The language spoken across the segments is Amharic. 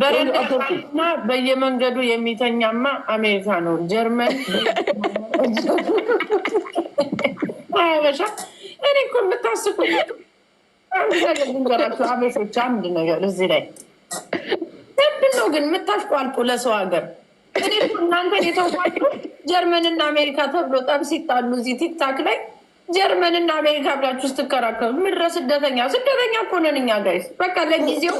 በረደማ በየመንገዱ የሚተኛማ አሜሪካ ነው። ጀርመን አበሻ እኔ እኮ የምታስቁ ንገራቸው አበሾች አንድ ነገር እዚህ ላይ ምንድን ነው ግን የምታሽቋልጡ ለሰው ሀገር እኔ እናንተን የተዋጡ ጀርመንና አሜሪካ ተብሎ ጠብ ሲጣሉ እዚህ ቲክታክ ላይ ጀርመንና አሜሪካ ብላችሁ ስትከራከሩ ምድረ ስደተኛ ስደተኛ እኮ ነን እኛ ጋይስ በቃ ለጊዜው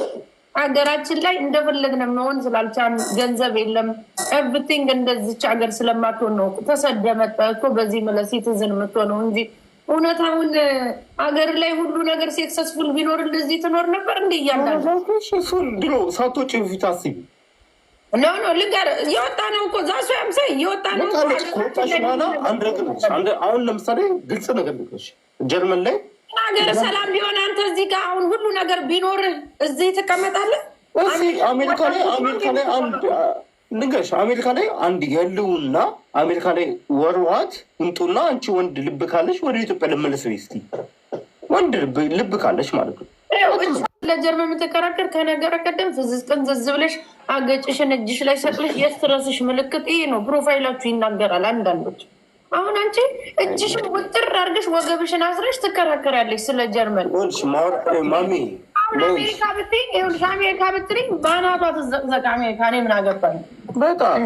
ሀገራችን ላይ እንደፈለግን መሆን ስላልቻን ገንዘብ የለም ኤቭሪቲንግ እንደዚች ሀገር ስለማትሆን ነው ተሰደ መጣ እኮ በዚህ መለስ ሲቲዝን የምትሆነው እንጂ እውነታውን ሀገር ላይ ሁሉ ነገር ሴክሰስፉል ቢኖር እንደዚህ ትኖር ነበር እንዲ እያንዳንዱሱል ድሮ ሳቶጭ ፊት አስቢ ኖ ኖ ልንገር የወጣ ነው እኮ ዛሱ ያምሰ የወጣ ነው። አንድ ነገር አሁን ለምሳሌ ግልጽ ነገር ልሽ ጀርመን ላይ ሀገር ሰላም ቢሆን አንተ እዚህ ጋር አሁን ሁሉ ነገር ቢኖር እዚህ ትቀመጣለህ? አሜሪካ ላይ አሜሪካ ላይ ንገሽ አሜሪካ ላይ አንድ የልውና አሜሪካ ላይ ወርዋት እንጡና አንቺ ወንድ ልብ ካለሽ ወደ ኢትዮጵያ ልመለስ ነው እስኪ ወንድ ልብ ካለሽ ማለት ነው። ለጀርመን የምትከራከር ከነገረ ቀደም ፍዝዝ ጥንዝዝ ብለሽ አገጭሽን እጅሽ ላይ ሰቅለሽ የስትረስሽ ምልክት ይሄ ነው። ፕሮፋይላችሁ ይናገራል አንዳንዶች አሁን አንቺ እጅሽን ውጥር አድርገሽ ወገብሽን አስረሽ ትከራከሪያለሽ ስለ ጀርመን። ማሚ አሁን አሜሪካ ብትይኝ በአናቷ ትዘቅዘቅ አሜሪካ። እኔ ምን አገባኝ? በጣም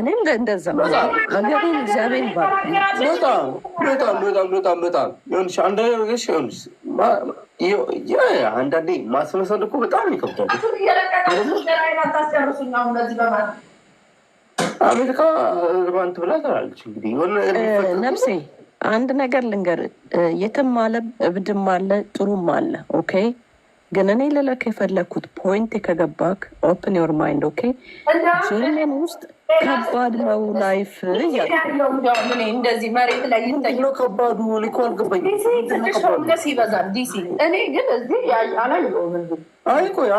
በጣም በጣም በጣም በጣም አንዳንዴ ማስመሰል እኮ በጣም ይከብዳል። አሜሪካ ነፍሴ አንድ ነገር ልንገር፣ የትም አለ እብድም አለ ጥሩም አለ። ኦኬ ግን እኔ ልለክ የፈለግኩት ፖይንት ከገባክ ኦፕን ዮር ማይንድ ኦኬ ጀርመን ውስጥ ከባድ ነው ላይፍ እንደዚህ መሬት ላይ ይታየው። ከባዱ እኮ አልገባኝም። ይበዛል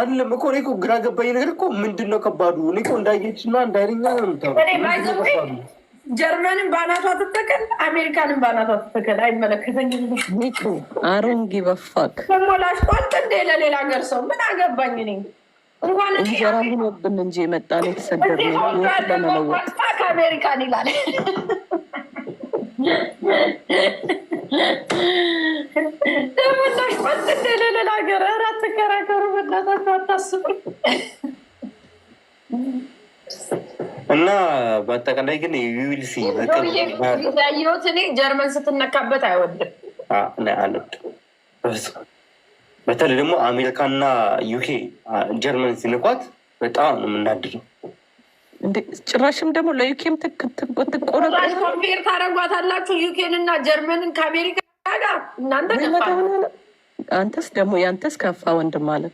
አይደለም እኮ እኔ እኮ ግራ ገባኝ ነገር እኮ ምንድን ነው ከባዱ? እኔ እኮ እንዳየችና እንዳይለኛ ጀርመንን በአናቷ ትተከል፣ አሜሪካንን በአናቷ ትተከል። አይመለከተኝም። አሮንጊ በፋክ ደግሞ ላሽቋልጥ እንደ ለሌላ ሀገር ሰው ምን አገባኝ እኔ እንጀራ ሆኖብን እንጂ የመጣ ነው የተሰደድነው ለመለወጥ ይላል። ለሞላሽ ማስ እንደሌላ ሀገር ኧረ አትከራከሩ በእናታችሁ አታስቡ። እና በአጠቃላይ ግን ዩዊልሲ ያየሁት እኔ ጀርመን ስትነካበት አይወድም አልወድም በተለይ ደግሞ አሜሪካና ዩኬ ጀርመን ሲንኳት በጣም ነው የምናድገው። ጭራሽም ደግሞ ለዩኬም ትቆረቆምፔር ታደርጓታላችሁ ዩኬን እና ጀርመንን ከአሜሪካ ጋር እናንተ አንተስ ደግሞ የአንተስ ከፋ ወንድም አለ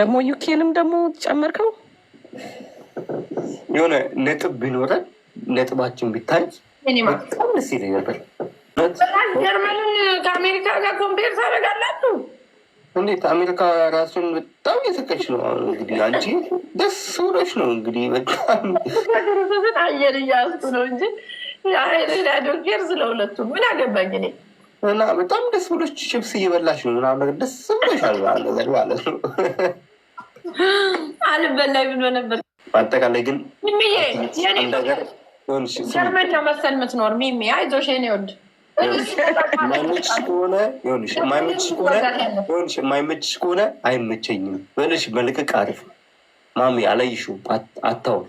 ደግሞ ዩኬንም ደግሞ ጨመርከው የሆነ ነጥብ ቢኖረን ነጥባችን ቢታይ በጣም ደስ ይለኝ ነበር። ጀርመንን ከአሜሪካ ጋር ኮምፔር ታደርጋላችሁ። እንዴት አሜሪካ ራሱን በጣም የሰቀች ነው። አሁን እንግዲህ አንቺ ደስ ብሎች ነው እንግዲህ በጣም አየር እያስኩ ነው እንጂ ዶኬር ስለሁለቱ ምን አገባኝ እኔ እና በጣም ደስ ብሎች ችብስ እየበላሽ ነው ምናምን ደስ ብሎች አልባለ ማለት ነው አልበላይ ብሎ ነበር። በአጠቃላይ ግን ጀርመን ነው መሰል የምትኖር ሚሚ አይዞሽ ኔ ወድ የማይመችሽ ከሆነ ይኸውልሽ፣ የማይመችሽ ከሆነ ይኸውልሽ፣ የማይመችሽ ከሆነ አይመቸኝም በልሽ መልቀቅ አሪፍ ማሚ። አላየሽውም፣ አታውሪ።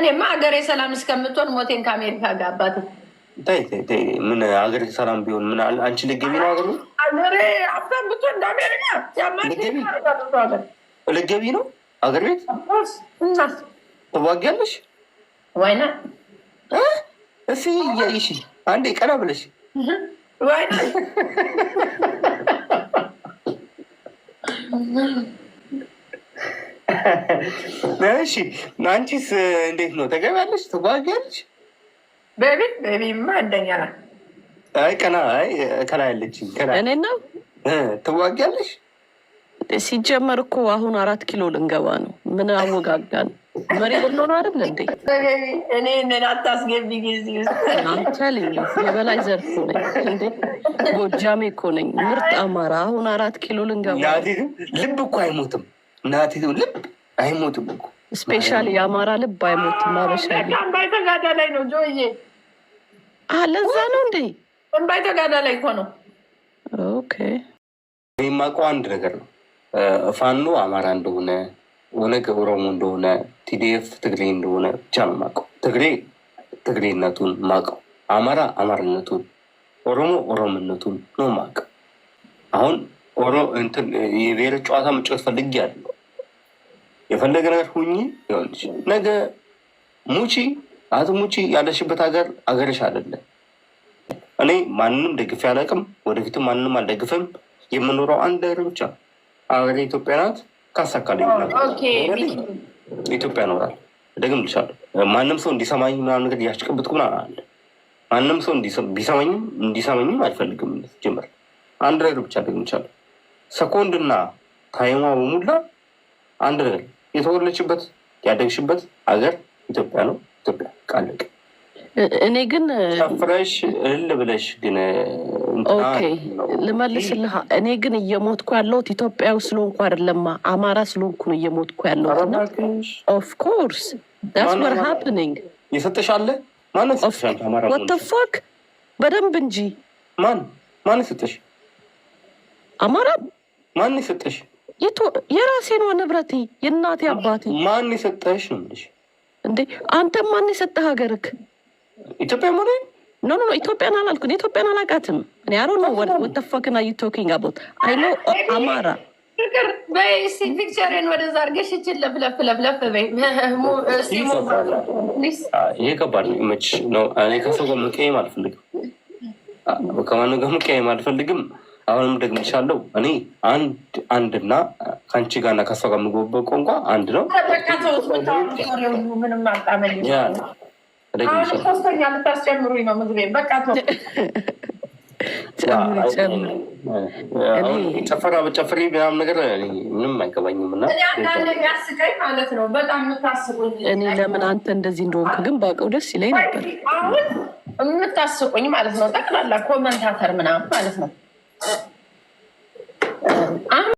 እኔማ ሀገሬ ሰላም እስከምትሆን ሞቴን ከአሜሪካ ጋር አባት ምን ሀገሬ ሰላም ቢሆን ምን አንቺ ልገቢ ነው ሀገር ሀገሬ አብዛን ብትሆን እንደ አሜሪካ ልገቢ ነው ሀገር ቤት ትዋጊያለሽ ወይና እሺ፣ እያየሽ አንዴ ቀና ብለሽ Why እሺ አንቺስ እንዴት ነው? ተገቢያለሽ? ትጓጊያለሽ? በቤት በቤማ አንደኛ ና አይ ቀና አይ ከላ ያለች እኔ ነው። ትዋጊያለሽ? ሲጀመር እኮ አሁን አራት ኪሎ ልንገባ ነው። ምን አወጋጋን መሪ ብንሆነ አይደል እንዴ? እኔ እኔን አታስገቢ ጊዜ ልኝ የበላይ ዘርፉ ነኝ እንዴ? ጎጃሜ እኮ ነኝ፣ ምርጥ አማራ። አሁን አራት ኪሎ ልንገባ። ልብ እኮ አይሞትም፣ እናቴ ልብ አይሞትም እኮ ስፔሻሊ የአማራ ልብ አይሞትም። አበሻ እምባይ ተጋዳላይ ነው ጆዬ። ለዛ ነው እንዴ? እምባይ ተጋዳላይ እኮ ነው። ኦኬ የማውቀው አንድ ነገር ነው፣ ፋኖ አማራ እንደሆነ ኦነግ ኦሮሞ እንደሆነ ቲዲኤፍ ትግሬ እንደሆነ ብቻ ነው ማቀው። ትግሬ ትግሬነቱን ማቀው፣ አማራ አማርነቱን፣ ኦሮሞ ኦሮምነቱን ነው ማቀው። አሁን ኦሮ እንትን የብሔር ጨዋታ መጫወት ፈልጌ ያለው የፈለገ ነገር ሁኚ ሆንች ነገ ሙቺ አቶ ሙቺ ያለሽበት ሀገር አገርሽ አደለ። እኔ ማንንም ደግፌ አላውቅም፣ ወደፊትም ማንንም አልደግፍም። የምኖረው አንድ ነገር ብቻ አገር ኢትዮጵያ ናት። ካሳካልኝ ኢትዮጵያ እኖራለሁ። እደግምልሻለሁ። ማንም ሰው እንዲሰማኝ ምናምን ነገር እያሽቀበጥኩ ምናምን አለ። ማንም ሰው ቢሰማኝም እንዲሰማኝም አልፈልግም። ጀመር አንድ ነገር ብቻ እደግምልሻለሁ። ሰኮንድና ታይማ በሙላ አንድ ነገር የተወለችበት ያደግሽበት ሀገር ኢትዮጵያ ነው። ኢትዮጵያ ቃለቅ እኔ ግን ፍረሽ እል ብለሽ ግን ልመልስልህ። እኔ ግን እየሞትኩ ያለሁት ኢትዮጵያዊ ስለሆንኩ አይደለማ፣ አማራ ስለሆንኩ ነው እየሞትኩ ያለሁት። ኦፍኮርስ ዳስ ወር ሀፕኒንግ ይሰጥሻለ ማለት ወተፋክ በደንብ እንጂ ማን ማን ሰጠሽ? አማራ ማን ሰጠሽ? የራሴ ነው ንብረቴ፣ የእናቴ አባቴ። ማን ይሰጠሽ ነው የምልሽ። እንዴ አንተም ማን የሰጠህ ሀገርክ ኢትዮጵያ ሆነ ኖ ኖ ኢትዮጵያን አላልኩም። ኢትዮጵያን አላቃትም እኔ አሮ ነው ወተፈክና ቶኪንግ አቦት አይ ኖ አማራ ፍቅር እኔ አልፈልግም። ጋር አሁንም እኔ አንድ አንድና ጋር የምግባባው ቋንቋ አንድ ነው። ሶስተኛ ልታስጨምሩኝ ነው። ምግቤን በቃ ጨፈራ በጨፍሪ ምናምን ነገር ምንም አይገባኝም። እና ማለት ነው። በጣም የምታስቁኝ እኔ ለምን አንተ እንደዚህ እንደሆንክ ግን በቀው ደስ ይለኝ ነበር። አሁን የምታስቁኝ ማለት ነው። ጠቅላላ ኮመንታተር ምናምን ማለት ነው።